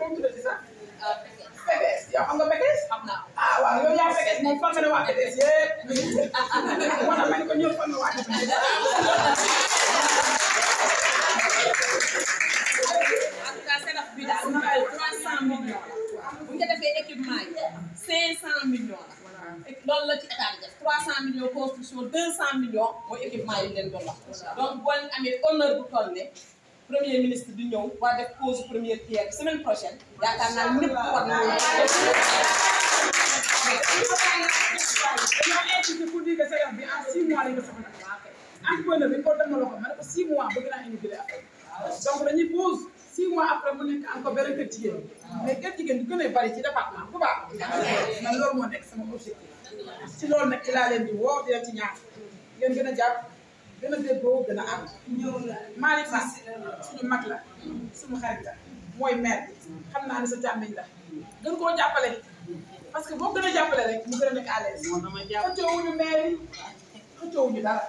moom tuddee ci sax. PPS yow xam nga PPS. am naa ah waaw yow yaa PPS moom fan nga ne waa PPS yëpp. moo tax man ko ñëw fan nga waa PPS. en tout cas CEDAF bi daal ñu koy 300 millions la bu ñu ko defee équipement yi 500 millions la. loolu la ci état bi def 300 millions construction 200 millions mooy équipement yi leen doon wax. donc boo leen amee honneur bu toll ne. premier ministre di ñëw war def pause première pierre semaine prochaine yaakaar naa ñëpp war na pour dire que sa yàq bi en six ko soxla entrepreneur ah, bi ma ne ko six bëgg naa indi jëlee après donc dañuy pause six mois mu nekk encore benn kër jigéen ah. mais kër jigéen du gën a bari ci département bu baax ah. man loolu moo nekk sama objectif ci loolu nag ci di woo di leen ci ñaan ngeen gën a jàpp gën a déggoo gën a ànd. Malick Fass suñu mag la suñu xarit la mooy maire xam naa ne sa càmmiñ la gën koo jàppale parce que boo gën a jàppale rek mu gën a nekk à l'aise. xëccoo wuñu maire yi xëccoo dara.